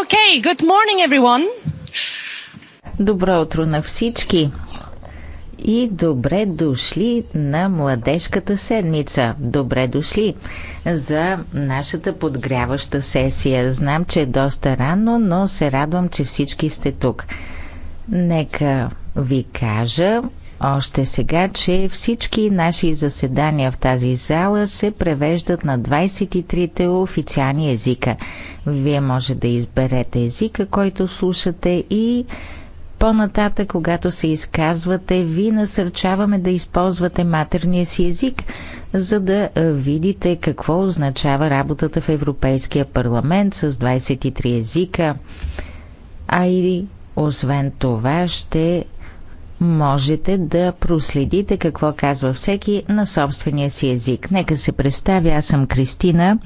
Okay, good morning, everyone. Добро утро на всички и добре дошли на Младежката седмица. Добре дошли за нашата подгряваща сесия. Знам, че е доста рано, но се радвам, че всички сте тук. Нека ви кажа, още сега, че всички наши заседания в тази зала се превеждат на 23-те официални езика. Вие може да изберете езика, който слушате и по-нататък, когато се изказвате, ви насърчаваме да използвате матерния си език, за да видите какво означава работата в Европейския парламент с 23 езика. А и освен това ще можете да проследите какво казва всеки на собствения си език. Нека се представя, аз съм Кристина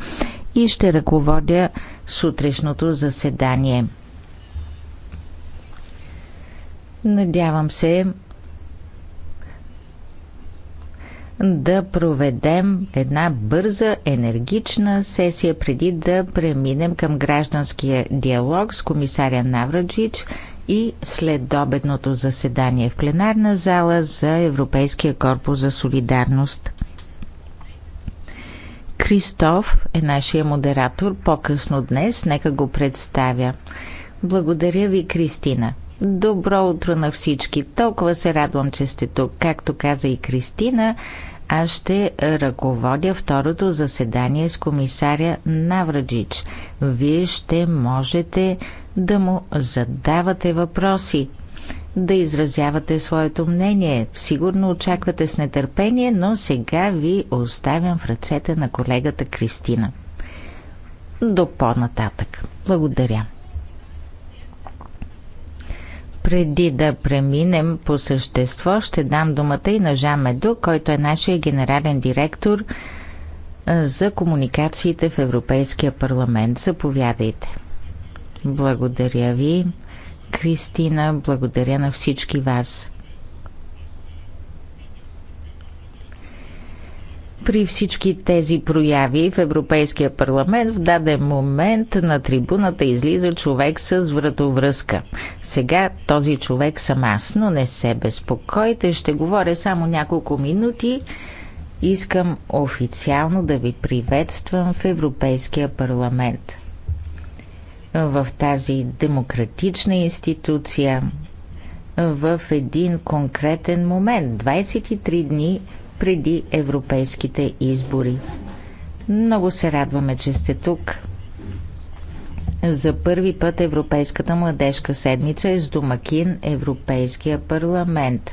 и ще ръководя сутрешното заседание. Надявам се да проведем една бърза, енергична сесия преди да преминем към гражданския диалог с комисаря Навраджич, и след добедното заседание в пленарна зала за Европейския корпус за солидарност. Кристоф е нашия модератор по-късно днес. Нека го представя. Благодаря ви, Кристина. Добро утро на всички. Толкова се радвам, че сте тук. Както каза и Кристина, аз ще ръководя второто заседание с комисаря Навраджич. Вие ще можете да му задавате въпроси, да изразявате своето мнение. Сигурно очаквате с нетърпение, но сега ви оставям в ръцете на колегата Кристина. До по-нататък. Благодаря. Преди да преминем по същество, ще дам думата и на Жан Медо, който е нашия генерален директор за комуникациите в Европейския парламент. Заповядайте. Благодаря ви, Кристина. Благодаря на всички вас. при всички тези прояви в Европейския парламент в даден момент на трибуната излиза човек с вратовръзка. Сега този човек съм аз, но не се безпокойте, ще говоря само няколко минути. Искам официално да ви приветствам в Европейския парламент. В тази демократична институция, в един конкретен момент, 23 дни преди европейските избори. Много се радваме, че сте тук. За първи път Европейската младежка седмица е с домакин Европейския парламент.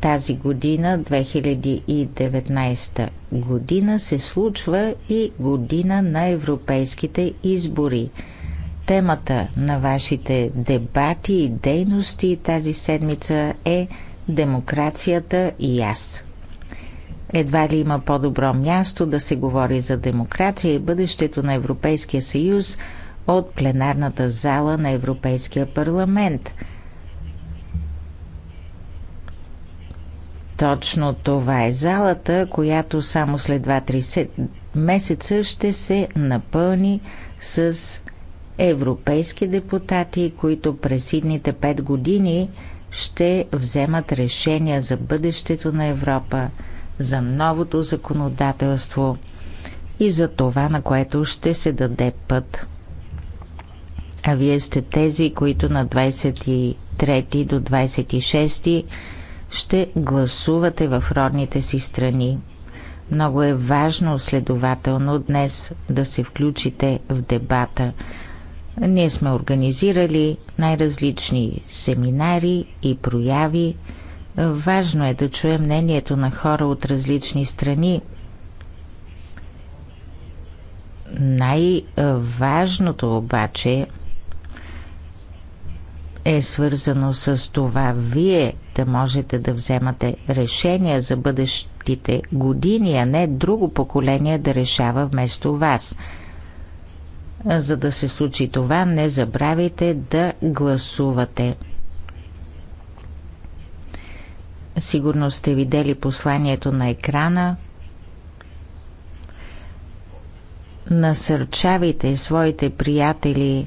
Тази година, 2019 година, се случва и година на европейските избори. Темата на вашите дебати и дейности тази седмица е – демокрацията и аз. Едва ли има по-добро място да се говори за демокрация и бъдещето на Европейския съюз от пленарната зала на Европейския парламент. Точно това е залата, която само след 2-3 месеца ще се напълни с европейски депутати, които през идните 5 години – ще вземат решения за бъдещето на Европа, за новото законодателство и за това, на което ще се даде път. А вие сте тези, които на 23 до 26 ще гласувате в родните си страни. Много е важно следователно днес да се включите в дебата – ние сме организирали най-различни семинари и прояви. Важно е да чуем мнението на хора от различни страни. Най-важното обаче е свързано с това вие да можете да вземате решения за бъдещите години, а не друго поколение да решава вместо вас – за да се случи това, не забравяйте да гласувате. Сигурно сте видели посланието на екрана. Насърчавайте своите приятели,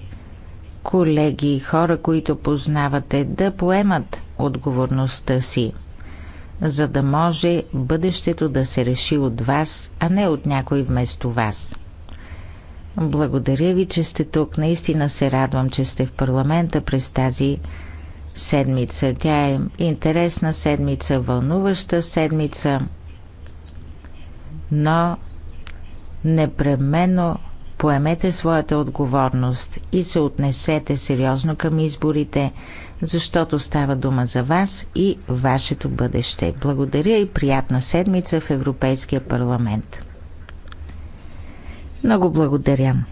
колеги хора, които познавате, да поемат отговорността си, за да може бъдещето да се реши от вас, а не от някой вместо вас. Благодаря ви, че сте тук. Наистина се радвам, че сте в парламента през тази седмица. Тя е интересна седмица, вълнуваща седмица, но непременно поемете своята отговорност и се отнесете сериозно към изборите, защото става дума за вас и вашето бъдеще. Благодаря и приятна седмица в Европейския парламент. Много благодаря.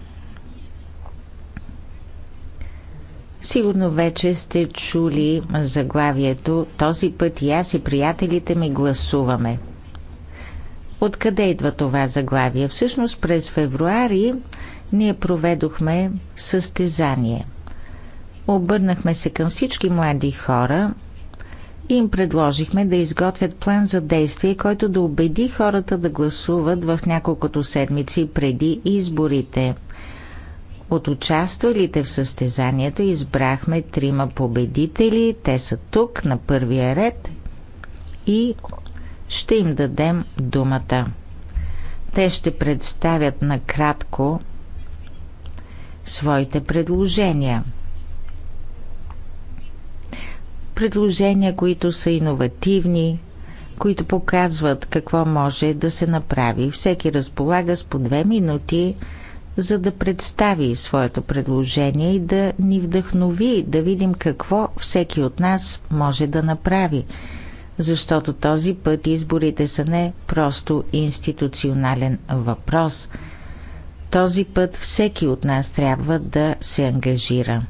Сигурно вече сте чули заглавието Този път и аз и приятелите ми гласуваме. Откъде идва това заглавие? Всъщност през февруари ние проведохме състезание. Обърнахме се към всички млади хора – им предложихме да изготвят план за действие, който да убеди хората да гласуват в няколкото седмици преди изборите. От участвалите в състезанието избрахме трима победители. Те са тук, на първия ред и ще им дадем думата. Те ще представят накратко своите предложения – предложения, които са иновативни, които показват какво може да се направи. Всеки разполага с по две минути, за да представи своето предложение и да ни вдъхнови, да видим какво всеки от нас може да направи. Защото този път изборите са не просто институционален въпрос. Този път всеки от нас трябва да се ангажира.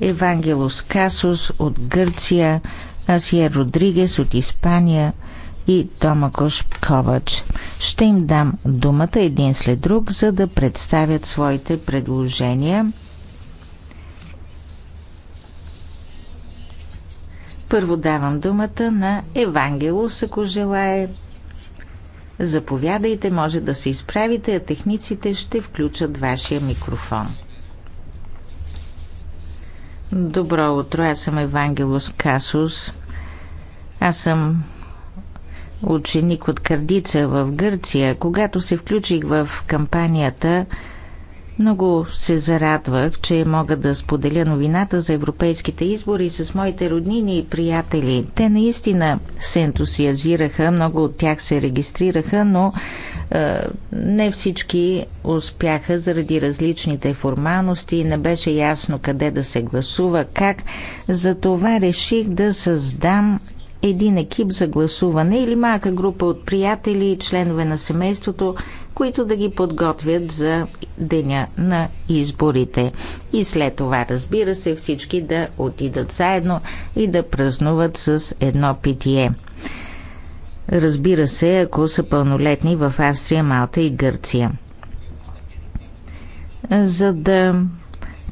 Евангелос Касос от Гърция, Асия Родригес от Испания и Томакош Ковач. Ще им дам думата един след друг, за да представят своите предложения. Първо давам думата на Евангелос, ако желае. Заповядайте, може да се изправите, а техниците ще включат вашия микрофон. Добро утро, аз съм Евангелос Касус. Аз съм ученик от Кардица в Гърция. Когато се включих в кампанията много се зарадвах, че мога да споделя новината за европейските избори с моите роднини и приятели. Те наистина се ентусиазираха, много от тях се регистрираха, но е, не всички успяха заради различните формалности. Не беше ясно къде да се гласува, как. Затова реших да създам един екип за гласуване или малка група от приятели, членове на семейството, които да ги подготвят за деня на изборите. И след това, разбира се, всички да отидат заедно и да празнуват с едно питие. Разбира се, ако са пълнолетни в Австрия, Малта и Гърция. За да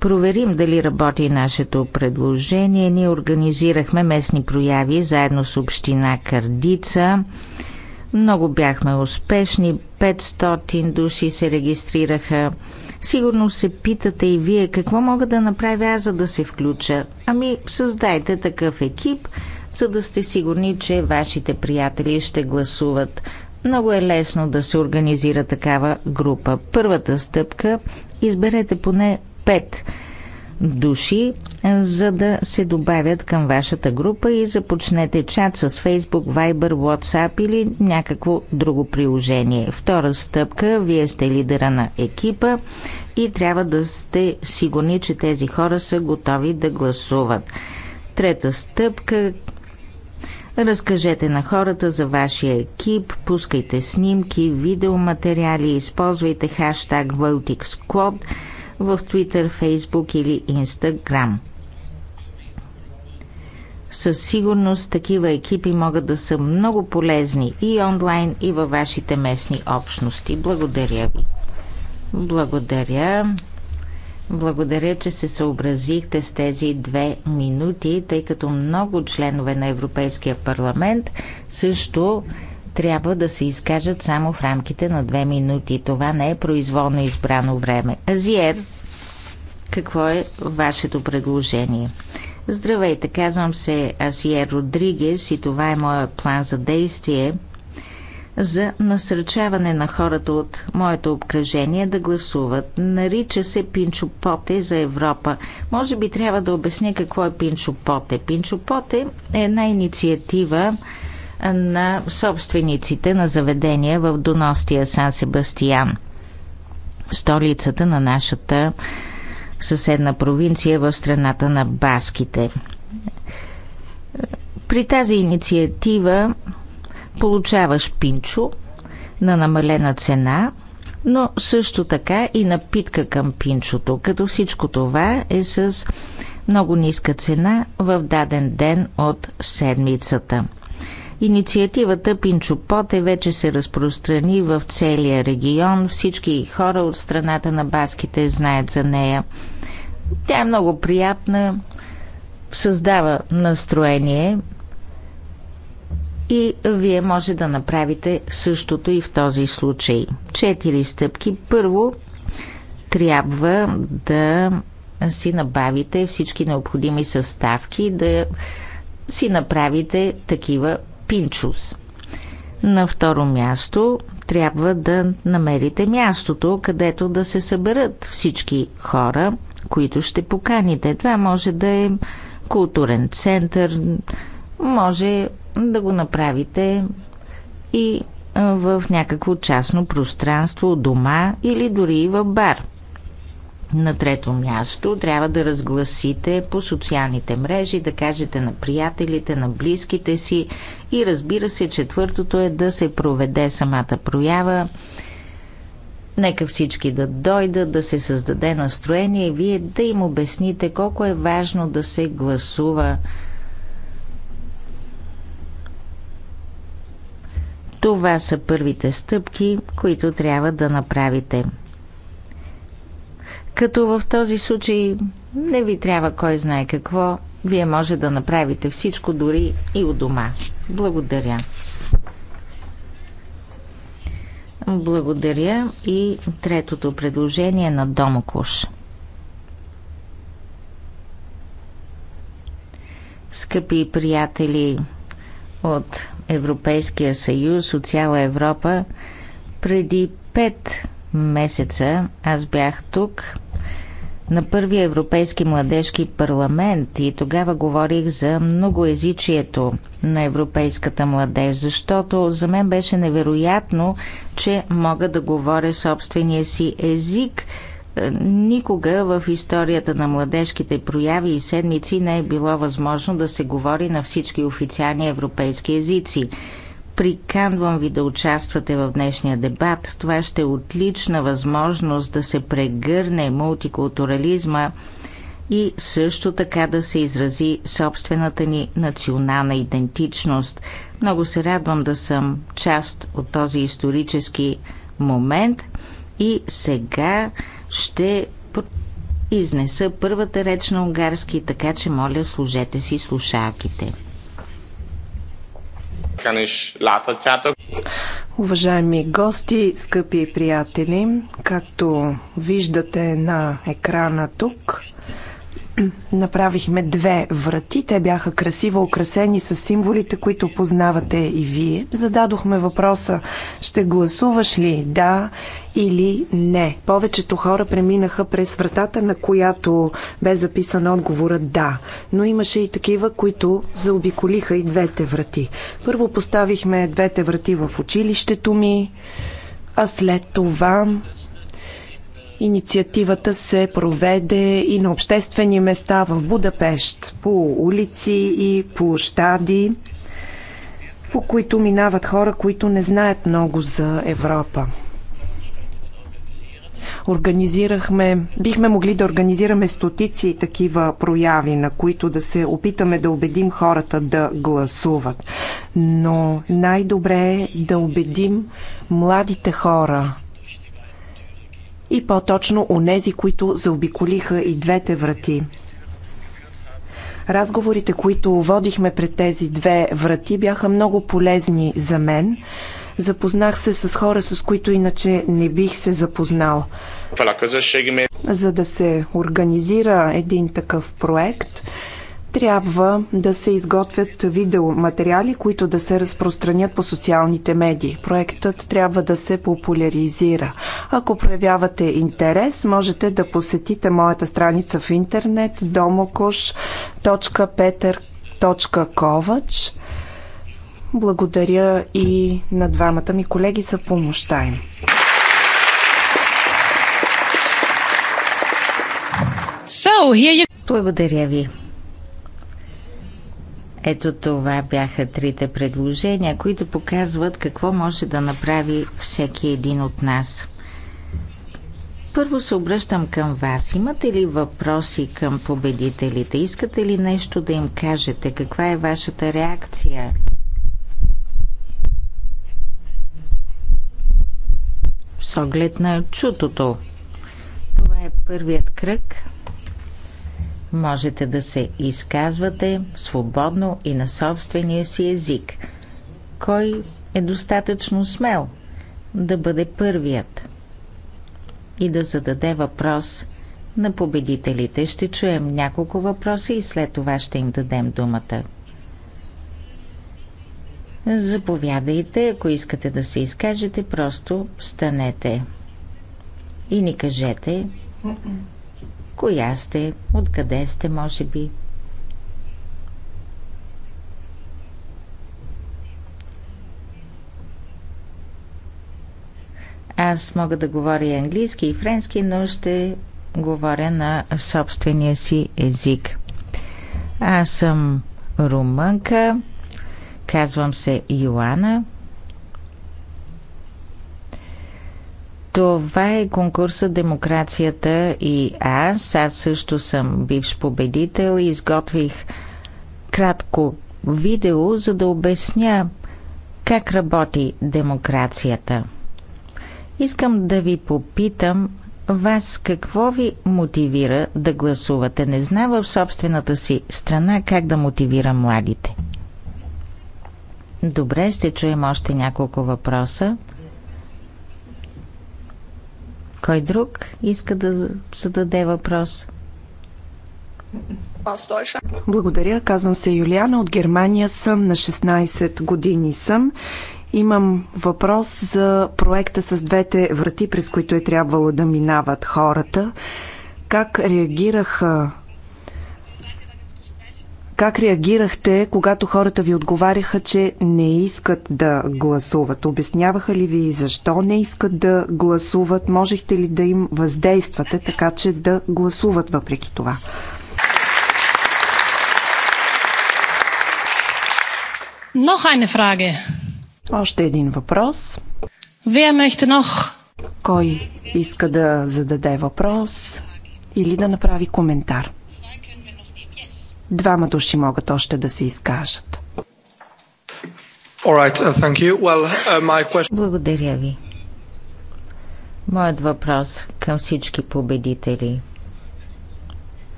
проверим дали работи нашето предложение, ние организирахме местни прояви заедно с община Кардица. Много бяхме успешни, 500 души се регистрираха. Сигурно се питате и вие какво мога да направя аз, за да се включа. Ами, създайте такъв екип, за да сте сигурни, че вашите приятели ще гласуват. Много е лесно да се организира такава група. Първата стъпка изберете поне 5 души, за да се добавят към вашата група и започнете чат с Facebook, Viber, WhatsApp или някакво друго приложение. Втора стъпка, вие сте лидера на екипа и трябва да сте сигурни, че тези хора са готови да гласуват. Трета стъпка, Разкажете на хората за вашия екип, пускайте снимки, видеоматериали, използвайте хаштаг VotingSquad – в Twitter, Facebook или Instagram. Със сигурност такива екипи могат да са много полезни и онлайн, и във вашите местни общности. Благодаря ви. Благодаря. Благодаря, че се съобразихте с тези две минути, тъй като много членове на Европейския парламент също трябва да се изкажат само в рамките на две минути. Това не е произволно избрано време. Азиер, какво е вашето предложение? Здравейте, казвам се Асиер Родригес и това е моя план за действие за насърчаване на хората от моето обкръжение да гласуват. Нарича се Пинчо Поте за Европа. Може би трябва да обясня какво е Пинчо Поте. Пинчо Поте е една инициатива, на собствениците на заведения в Доностия Сан Себастиян, столицата на нашата съседна провинция в страната на Баските. При тази инициатива получаваш пинчо на намалена цена, но също така и напитка към пинчото, като всичко това е с много ниска цена в даден ден от седмицата. Инициативата Пинчо Поте вече се разпространи в целия регион. Всички хора от страната на баските знаят за нея. Тя е много приятна, създава настроение и вие може да направите същото и в този случай. Четири стъпки. Първо, трябва да си набавите всички необходими съставки, да си направите такива Пинчус. На второ място трябва да намерите мястото, където да се съберат всички хора, които ще поканите. Това може да е културен център, може да го направите и в някакво частно пространство, дома или дори и в бар – на трето място трябва да разгласите по социалните мрежи, да кажете на приятелите, на близките си и разбира се, четвъртото е да се проведе самата проява. Нека всички да дойдат, да се създаде настроение и вие да им обясните колко е важно да се гласува. Това са първите стъпки, които трябва да направите – като в този случай не ви трябва кой знае какво, вие може да направите всичко дори и у дома. Благодаря. Благодаря и третото предложение на Домокуш. Скъпи приятели от Европейския съюз, от цяла Европа, преди пет месеца аз бях тук на първия Европейски младежки парламент и тогава говорих за многоезичието на европейската младеж, защото за мен беше невероятно, че мога да говоря собствения си език. Е, никога в историята на младежките прояви и седмици не е било възможно да се говори на всички официални европейски езици. Приканвам ви да участвате в днешния дебат. Това ще е отлична възможност да се прегърне мултикултурализма и също така да се изрази собствената ни национална идентичност. Много се радвам да съм част от този исторически момент и сега ще изнеса първата реч на унгарски, така че моля служете си слушалките. Уважаеми гости, скъпи приятели, както виждате на екрана тук, направихме две врати. Те бяха красиво украсени с символите, които познавате и вие. Зададохме въпроса, ще гласуваш ли да или не? Повечето хора преминаха през вратата, на която бе записан отговора да, но имаше и такива, които заобиколиха и двете врати. Първо поставихме двете врати в училището ми, а след това инициативата се проведе и на обществени места в Будапешт, по улици и площади, по които минават хора, които не знаят много за Европа. Организирахме, бихме могли да организираме стотици такива прояви, на които да се опитаме да убедим хората да гласуват. Но най-добре е да убедим младите хора, и по-точно онези, които заобиколиха и двете врати. Разговорите, които водихме пред тези две врати, бяха много полезни за мен. Запознах се с хора, с които иначе не бих се запознал. За да се организира един такъв проект, трябва да се изготвят видеоматериали, които да се разпространят по социалните медии. Проектът трябва да се популяризира. Ако проявявате интерес, можете да посетите моята страница в интернет domokush.peter.kovac. Благодаря и на двамата ми колеги за помощта им. So, here you... Благодаря ви. Ето това бяха трите предложения, които показват какво може да направи всеки един от нас. Първо се обръщам към вас. Имате ли въпроси към победителите? Искате ли нещо да им кажете? Каква е вашата реакция? с оглед на чутото. Това е първият кръг. Можете да се изказвате свободно и на собствения си език. Кой е достатъчно смел да бъде първият и да зададе въпрос на победителите. Ще чуем няколко въпроса и след това ще им дадем думата. Заповядайте, ако искате да се изкажете, просто станете и ни кажете коя сте, откъде сте, може би. Аз мога да говоря и английски и френски, но ще говоря на собствения си език. Аз съм румънка. Казвам се Йоана. Това е конкурса Демокрацията и аз. Аз също съм бивш победител и изготвих кратко видео, за да обясня как работи демокрацията. Искам да ви попитам вас какво ви мотивира да гласувате. Не знам в собствената си страна как да мотивира младите. Добре, ще чуем още няколко въпроса. Кой друг иска да зададе въпрос? Благодаря. Казвам се Юлиана. От Германия съм. На 16 години съм. Имам въпрос за проекта с двете врати, през които е трябвало да минават хората. Как реагираха как реагирахте, когато хората ви отговаряха, че не искат да гласуват? Обясняваха ли ви защо не искат да гласуват? Можехте ли да им въздействате така, че да гласуват въпреки това? Noch eine фраге. Още един въпрос. Вие мехте нох. Кой иска да зададе въпрос или да направи коментар? Двама души могат още да се изкажат. Uh, uh, Благодаря ви. Моят въпрос към всички победители.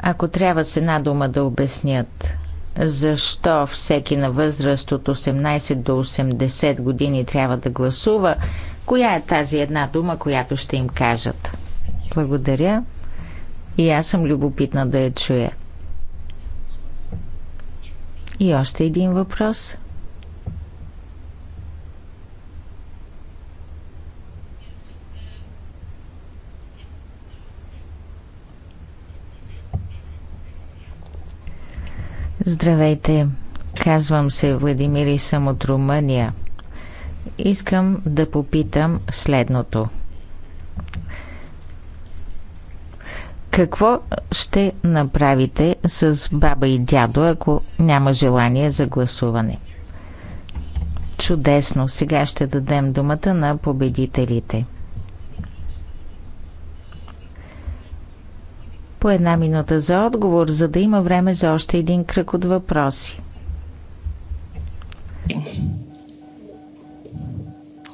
Ако трябва с една дума да обяснят защо всеки на възраст от 18 до 80 години трябва да гласува, коя е тази една дума, която ще им кажат? Благодаря. И аз съм любопитна да я чуя. И още един въпрос. Здравейте, казвам се Владимир и съм от Румъния. Искам да попитам следното. Какво ще направите с баба и дядо, ако няма желание за гласуване? Чудесно! Сега ще дадем думата на победителите. По една минута за отговор, за да има време за още един кръг от въпроси.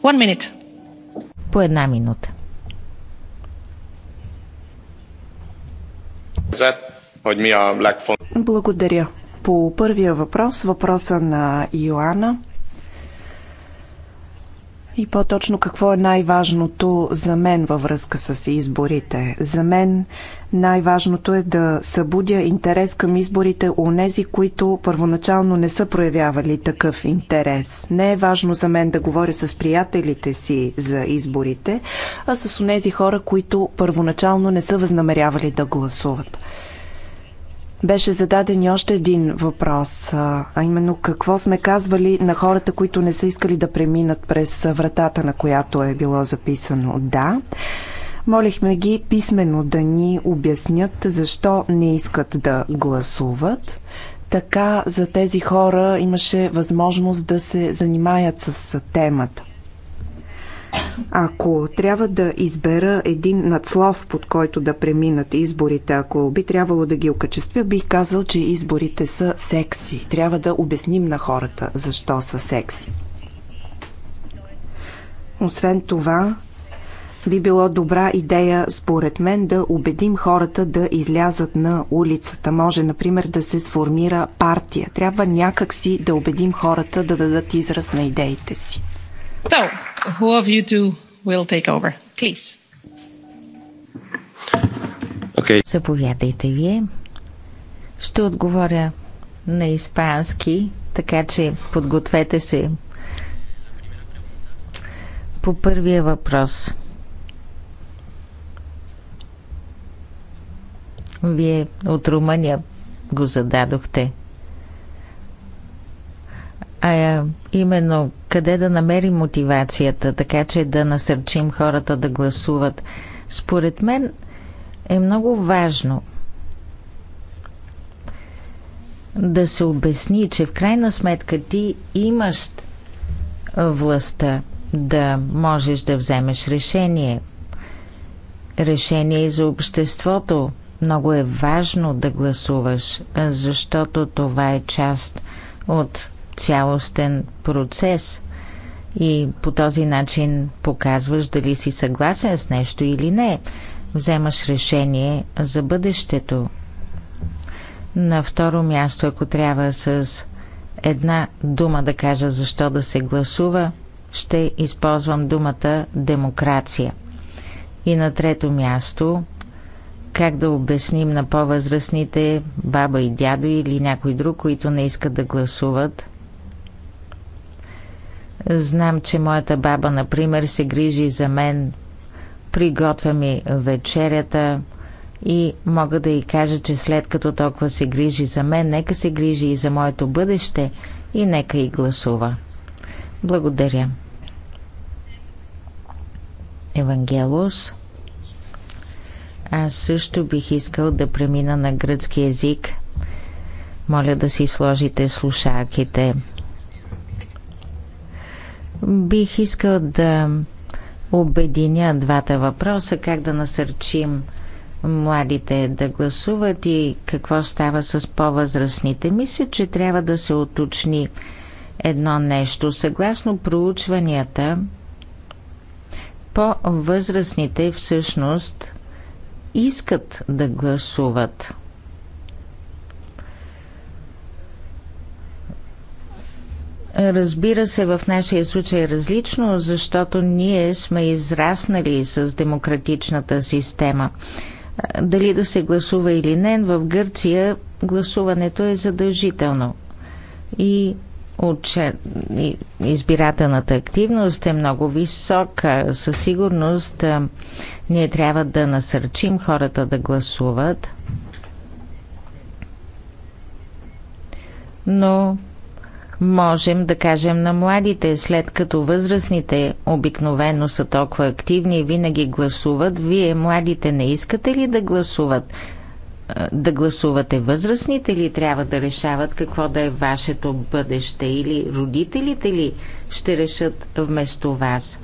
One minute. По една минута. Благодаря. По първия въпрос, въпроса на Йоанна, и по-точно какво е най-важното за мен във връзка с изборите? За мен най-важното е да събудя интерес към изборите у нези, които първоначално не са проявявали такъв интерес. Не е важно за мен да говоря с приятелите си за изборите, а с онези хора, които първоначално не са възнамерявали да гласуват беше зададен и още един въпрос, а именно какво сме казвали на хората, които не са искали да преминат през вратата, на която е било записано да. Молихме ги писменно да ни обяснят защо не искат да гласуват. Така за тези хора имаше възможност да се занимаят с темата. Ако трябва да избера един надслов, под който да преминат изборите, ако би трябвало да ги окачествя, бих казал, че изборите са секси. Трябва да обясним на хората защо са секси. Освен това, би било добра идея, според мен, да убедим хората да излязат на улицата. Може, например, да се сформира партия. Трябва някакси да убедим хората да дадат израз на идеите си. So, who of you two will take over? Please. Okay. Заповядайте вие. Ще отговоря на испански, така че подгответе се. По първия въпрос. Вие от Румъния го зададохте а е, именно къде да намерим мотивацията, така че да насърчим хората да гласуват. Според мен е много важно да се обясни, че в крайна сметка ти имаш властта да можеш да вземеш решение. Решение и за обществото. Много е важно да гласуваш, защото това е част от цялостен процес и по този начин показваш дали си съгласен с нещо или не. Вземаш решение за бъдещето. На второ място, ако трябва с една дума да кажа защо да се гласува, ще използвам думата демокрация. И на трето място, как да обясним на по-възрастните баба и дядо или някой друг, които не искат да гласуват, Знам, че моята баба, например, се грижи за мен, приготвя ми вечерята и мога да й кажа, че след като толкова се грижи за мен, нека се грижи и за моето бъдеще и нека и гласува. Благодаря. Евангелос. Аз също бих искал да премина на гръцки език. Моля да си сложите слушалките. Бих искал да обединя двата въпроса, как да насърчим младите да гласуват и какво става с по-възрастните. Мисля, че трябва да се уточни едно нещо. Съгласно проучванията, по-възрастните всъщност искат да гласуват. Разбира се, в нашия случай е различно, защото ние сме израснали с демократичната система. Дали да се гласува или не, в Гърция гласуването е задължително. И избирателната активност е много висока. Със сигурност ние трябва да насърчим хората да гласуват. Но можем да кажем на младите, след като възрастните обикновено са толкова активни и винаги гласуват, вие младите не искате ли да гласуват? Е, да гласувате възрастните ли трябва да решават какво да е вашето бъдеще или родителите ли ще решат вместо вас?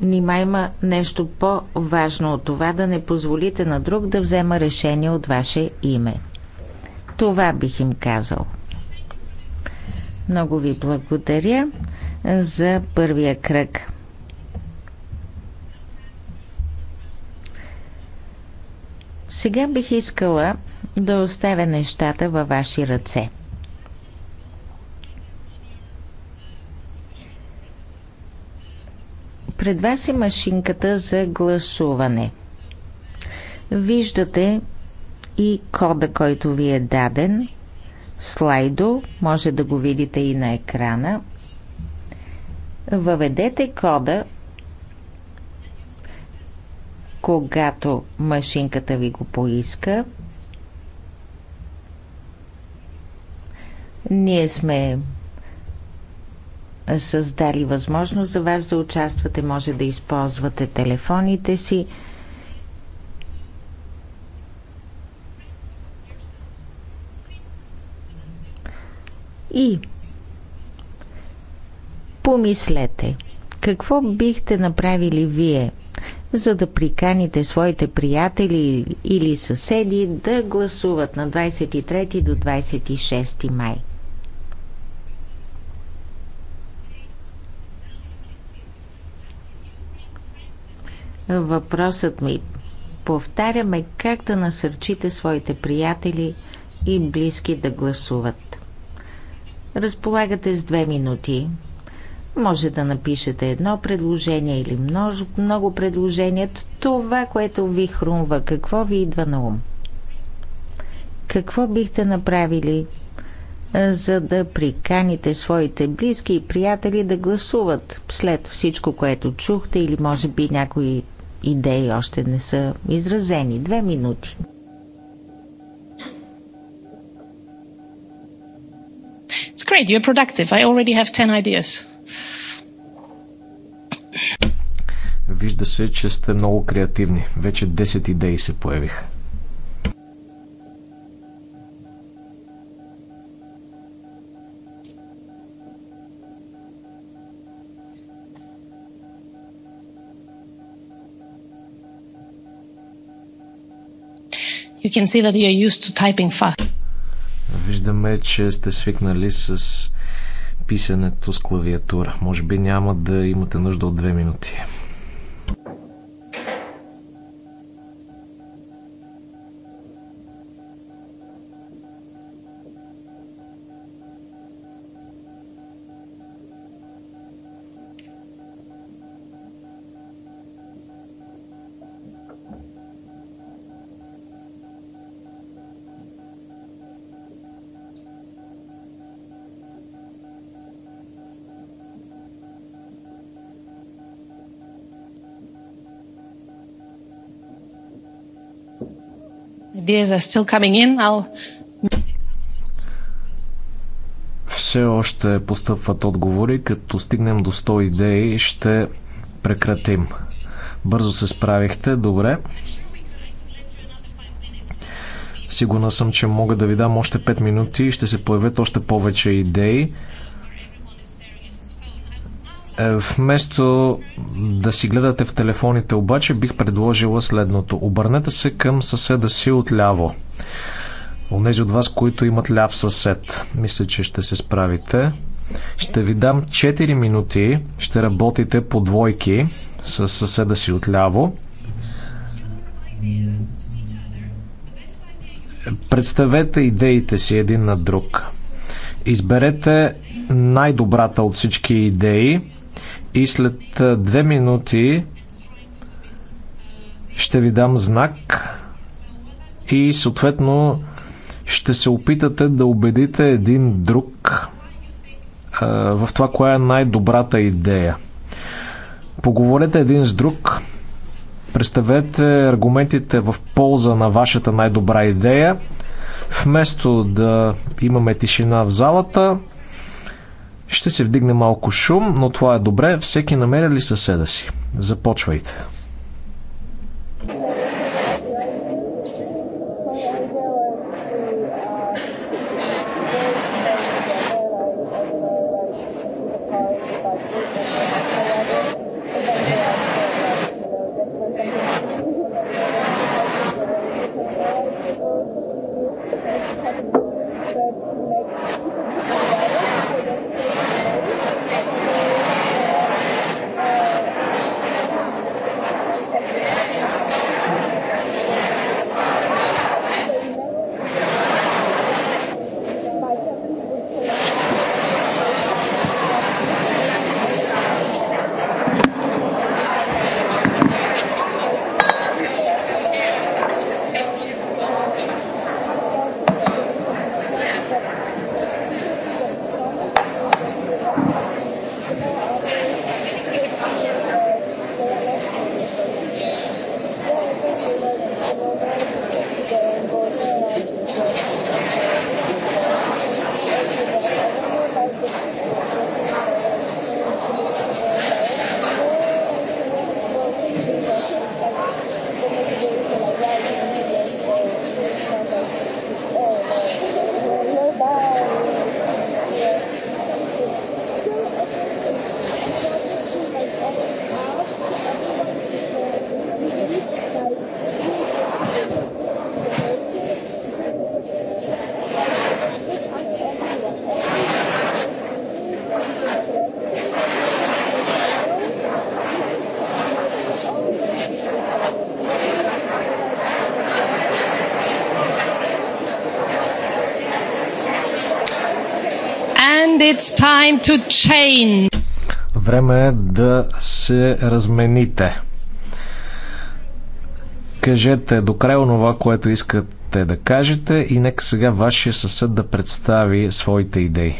Нима има нещо по-важно от това да не позволите на друг да взема решение от ваше име. Това бих им казал. Много ви благодаря за първия кръг. Сега бих искала да оставя нещата във ваши ръце. Пред вас е машинката за гласуване. Виждате и кода, който ви е даден – слайдо, може да го видите и на екрана. Въведете кода, когато машинката ви го поиска. Ние сме създали възможност за вас да участвате, може да използвате телефоните си. И помислете, какво бихте направили вие, за да приканите своите приятели или съседи да гласуват на 23 до 26 май? Въпросът ми повтаряме как да насърчите своите приятели и близки да гласуват. Разполагате с две минути. Може да напишете едно предложение или множ, много предложения. Това, което ви хрумва, какво ви идва на ум? Какво бихте направили, за да приканите своите близки и приятели да гласуват след всичко, което чухте или може би някои идеи още не са изразени? Две минути. It's great, you're productive. I already have 10 ideas. Вижда се, че сте много креативни. Вече 10 идеи се появиха. You can see that you're used to typing fast. Виждаме, че сте свикнали с писането с клавиатура. Може би няма да имате нужда от две минути. ideas are still coming in. I'll... Все още постъпват отговори. Като стигнем до 100 идеи, ще прекратим. Бързо се справихте, добре. Сигурна съм, че мога да ви дам още 5 минути и ще се появят още повече идеи. Е, вместо да си гледате в телефоните обаче, бих предложила следното. Обърнете се към съседа си отляво. Онези от вас, които имат ляв съсед, мисля, че ще се справите. Ще ви дам 4 минути. Ще работите по двойки с съседа си отляво. Представете идеите си един на друг. Изберете най-добрата от всички идеи и след две минути ще ви дам знак и съответно ще се опитате да убедите един друг в това, коя е най-добрата идея. Поговорете един с друг, представете аргументите в полза на вашата най-добра идея. Вместо да имаме тишина в залата, ще се вдигне малко шум, но това е добре. Всеки намеря ли съседа си? Започвайте. It's time to chain. Време е да се размените. Кажете до край онова, което искате да кажете и нека сега вашия съсед да представи своите идеи.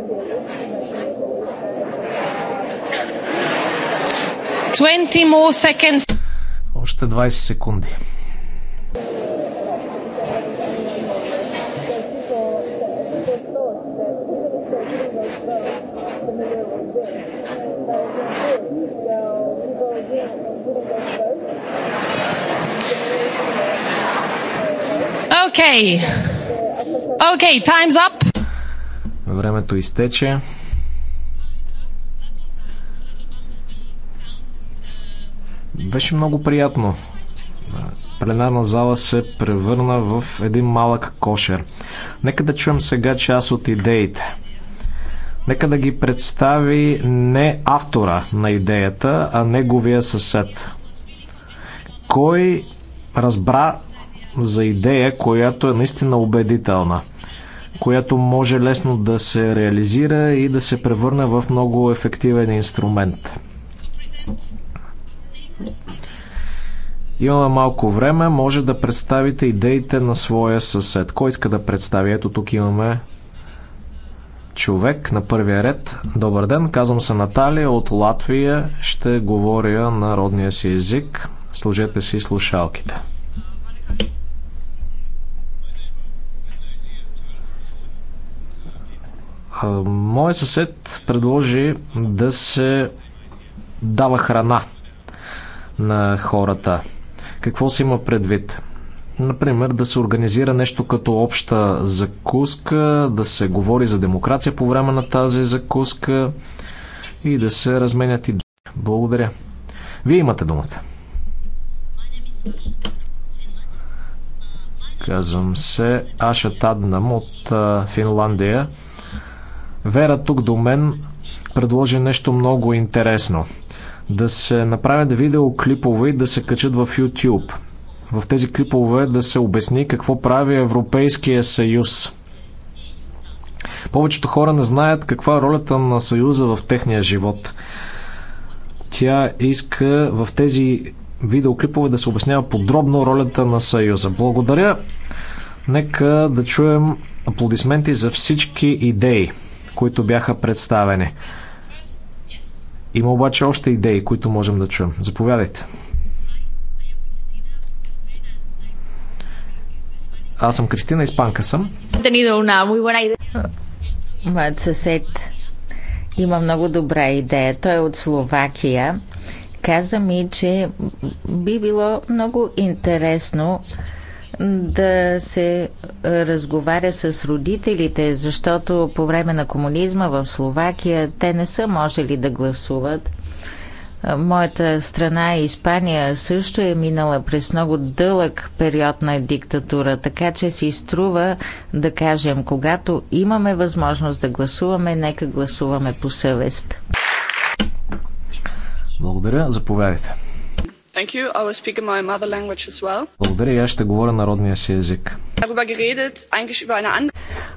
20 more seconds. Още 20 секунди. Okay. Okay, time's up. Времето изтече. Беше много приятно. Пленарна зала се превърна в един малък кошер. Нека да чуем сега част от идеите. Нека да ги представи не автора на идеята, а неговия съсед. Кой разбра за идея, която е наистина убедителна – която може лесно да се реализира и да се превърне в много ефективен инструмент. Имаме малко време, може да представите идеите на своя съсед. Кой иска да представи? Ето тук имаме човек на първия ред. Добър ден, казвам се Наталия от Латвия. Ще говоря на родния си език. Служете си слушалките. Моят съсед предложи да се дава храна на хората. Какво се има предвид? Например, да се организира нещо като обща закуска, да се говори за демокрация по време на тази закуска и да се разменят и Благодаря. Вие имате думата. Казвам се Аша Аднам от Финландия. Вера тук до мен предложи нещо много интересно. Да се направят видеоклипове и да се качат в YouTube. В тези клипове да се обясни какво прави Европейския съюз. Повечето хора не знаят каква е ролята на съюза в техния живот. Тя иска в тези видеоклипове да се обяснява подробно ролята на съюза. Благодаря. Нека да чуем аплодисменти за всички идеи които бяха представени. Има обаче още идеи, които можем да чуем. Заповядайте. Аз съм Кристина, испанка съм. Моят съсед има много добра идея. Той е от Словакия. Каза ми, че би било много интересно да се е, разговаря с родителите, защото по време на комунизма в Словакия те не са можели да гласуват. Е, моята страна Испания също е минала през много дълъг период на диктатура, така че си струва да кажем, когато имаме възможност да гласуваме, нека гласуваме по съвест. Благодаря. Заповядайте. Thank you. I will speak in my mother language as well. Благодаря и аз ще говоря народния си език.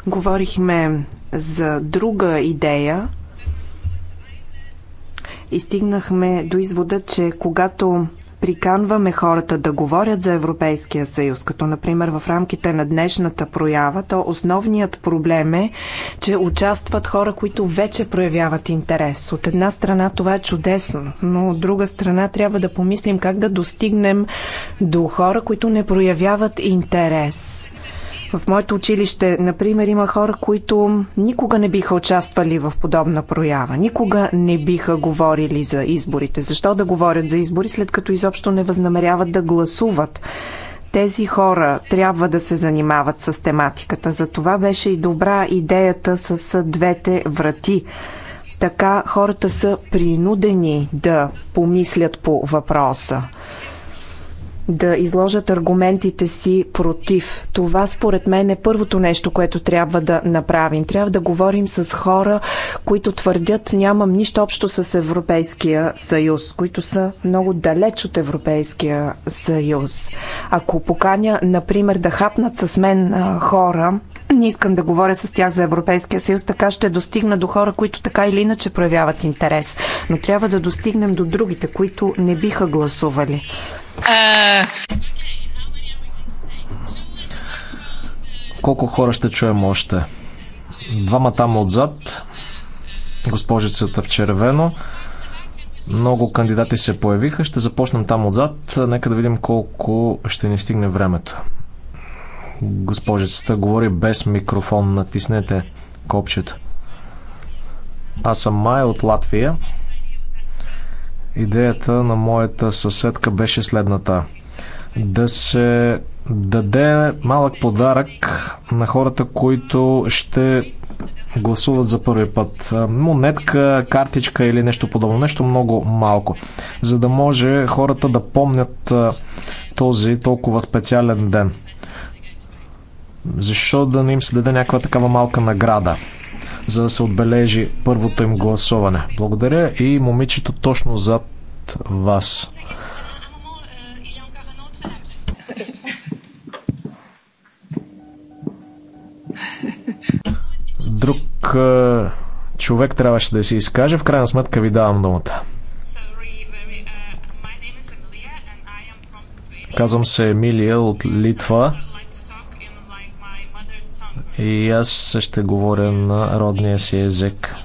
Говорихме за друга идея и стигнахме до извода, че когато приканваме хората да говорят за Европейския съюз, като например в рамките на днешната проява, то основният проблем е, че участват хора, които вече проявяват интерес. От една страна това е чудесно, но от друга страна трябва да помислим как да достигнем до хора, които не проявяват интерес. В моето училище, например, има хора, които никога не биха участвали в подобна проява, никога не биха говорили за изборите. Защо да говорят за избори, след като изобщо не възнамеряват да гласуват? тези хора трябва да се занимават с тематиката. За това беше и добра идеята с двете врати. Така хората са принудени да помислят по въпроса да изложат аргументите си против. Това според мен е първото нещо, което трябва да направим. Трябва да говорим с хора, които твърдят нямам нищо общо с Европейския съюз, които са много далеч от Европейския съюз. Ако поканя, например, да хапнат с мен хора, не искам да говоря с тях за Европейския съюз, така ще достигна до хора, които така или иначе проявяват интерес. Но трябва да достигнем до другите, които не биха гласували. Колко хора ще чуем още? Двама там отзад. Госпожицата в червено. Много кандидати се появиха. Ще започнем там отзад. Нека да видим колко ще ни стигне времето. Госпожицата говори без микрофон. Натиснете копчето. Аз съм Майя от Латвия. Идеята на моята съседка беше следната. Да се даде малък подарък на хората, които ще гласуват за първи път. Монетка, картичка или нещо подобно. Нещо много малко. За да може хората да помнят този толкова специален ден. Защо да не им се даде някаква такава малка награда? за да се отбележи първото им гласуване. Благодаря и момичето точно зад вас. Друг е, човек трябваше да се изкаже. В крайна сметка ви давам думата. Казвам се Емилия от Литва. И аз ще говоря на родния си език.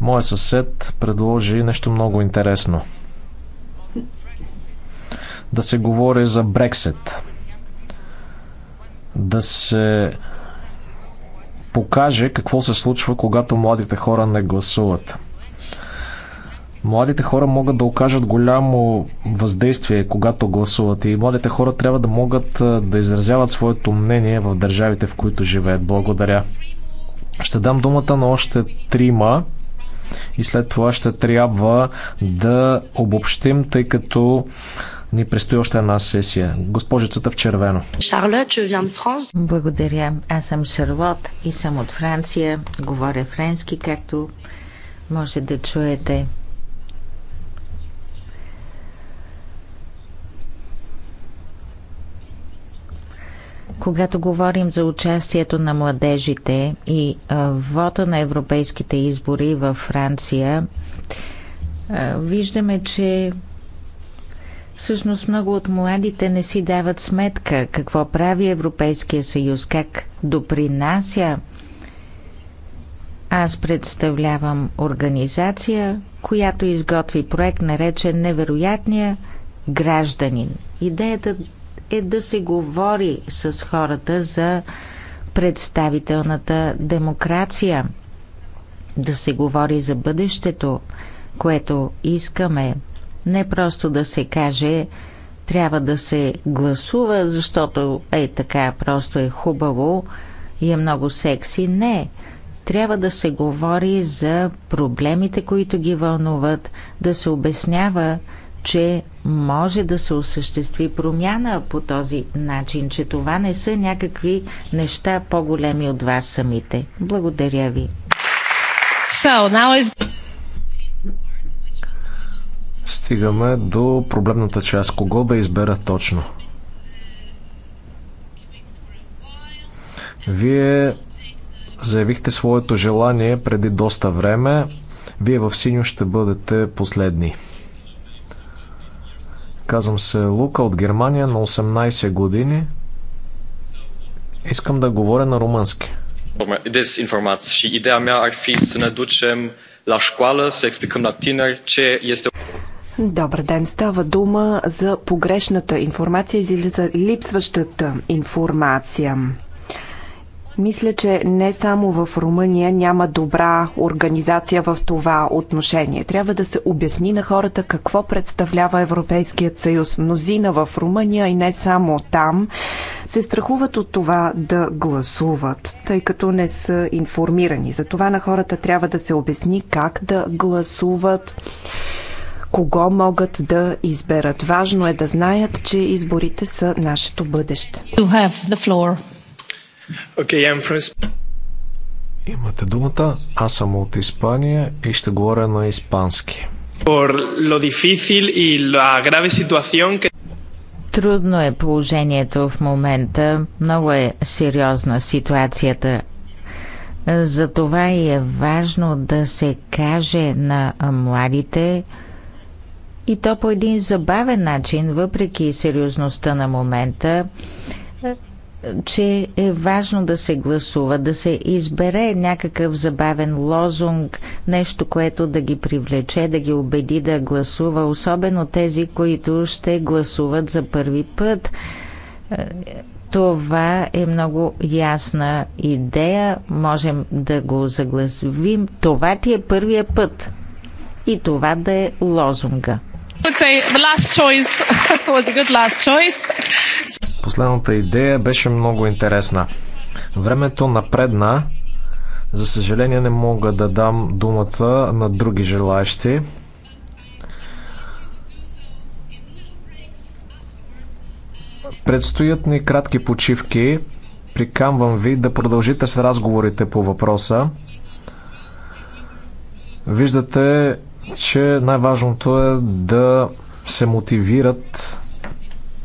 Моя съсед предложи нещо много интересно. Да се говори за Брексит. Да се покаже какво се случва, когато младите хора не гласуват. Младите хора могат да окажат голямо въздействие, когато гласуват и младите хора трябва да могат да изразяват своето мнение в държавите, в които живеят. Благодаря. Ще дам думата на още трима и след това ще трябва да обобщим, тъй като ни предстои още една сесия. Госпожицата в червено. Благодаря. Аз съм Шарлот и съм от Франция. Говоря френски, както може да чуете. Когато говорим за участието на младежите и вота на европейските избори във Франция, виждаме, че Всъщност много от младите не си дават сметка какво прави Европейския съюз, как допринася. Аз представлявам организация, която изготви проект наречен Невероятния гражданин. Идеята е да се говори с хората за представителната демокрация, да се говори за бъдещето, което искаме. Не просто да се каже, трябва да се гласува, защото е така, просто е хубаво и е много секси. Не, трябва да се говори за проблемите, които ги вълнуват, да се обяснява че може да се осъществи промяна по този начин, че това не са някакви неща по-големи от вас самите. Благодаря ви. So, now is... Стигаме до проблемната част. Кого да избера точно? Вие заявихте своето желание преди доста време. Вие в синьо ще бъдете последни. Казвам се Лука от Германия на 18 години. Искам да говоря на румънски. explicăm Добър ден! Става дума за погрешната информация или за липсващата информация. Мисля, че не само в Румъния няма добра организация в това отношение. Трябва да се обясни на хората какво представлява Европейският съюз. Мнозина в Румъния и не само там се страхуват от това да гласуват, тъй като не са информирани. За това на хората трябва да се обясни как да гласуват кого могат да изберат. Важно е да знаят, че изборите са нашето бъдеще. Okay, I'm from... Имате думата. Аз съм от Испания и ще говоря на испански. Por lo difícil y la grave situación que... Трудно е положението в момента. Много е сериозна ситуацията. Затова и е важно да се каже на младите и то по един забавен начин, въпреки сериозността на момента, че е важно да се гласува, да се избере някакъв забавен лозунг, нещо, което да ги привлече, да ги убеди да гласува, особено тези, които ще гласуват за първи път. Е, това е много ясна идея. Можем да го загласим. Това ти е първия път. И това да е лозунга. Uh, Последната идея беше много интересна. Времето напредна. За съжаление не мога да дам думата на други желаящи. Предстоят ни кратки почивки. Прикамвам ви да продължите с разговорите по въпроса. Виждате че най-важното е да се мотивират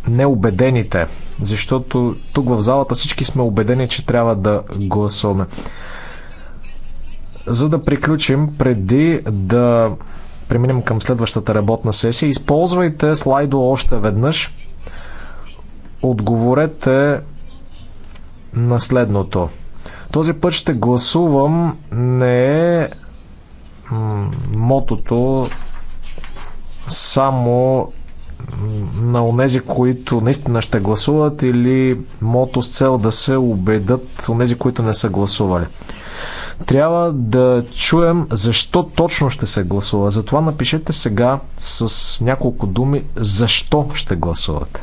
неубедените, защото тук в залата всички сме убедени, че трябва да гласуваме. За да приключим, преди да преминем към следващата работна сесия, използвайте слайдо още веднъж. Отговорете на следното. Този път ще гласувам не е мотото само на онези, които наистина ще гласуват или мото с цел да се убедат онези, които не са гласували. Трябва да чуем защо точно ще се гласува. Затова напишете сега с няколко думи защо ще гласувате.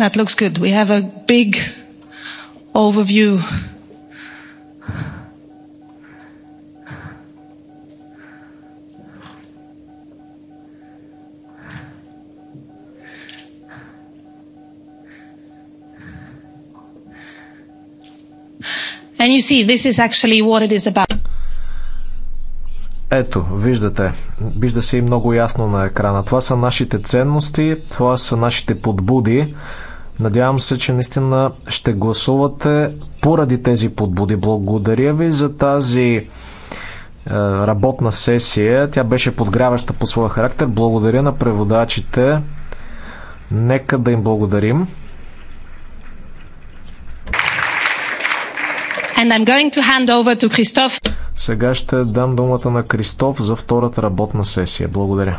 That looks good. We have a big overview. And you see, this is actually what it is about. Ето, виждате. Вижда се и много ясно на екрана. Това са нашите ценности, това са нашите подбуди. Надявам се, че наистина ще гласувате поради тези подбуди. Благодаря ви за тази е, работна сесия. Тя беше подгряваща по своя характер. Благодаря на преводачите. Нека да им благодарим. And I'm going to hand over to Сега ще дам думата на Кристоф за втората работна сесия. Благодаря.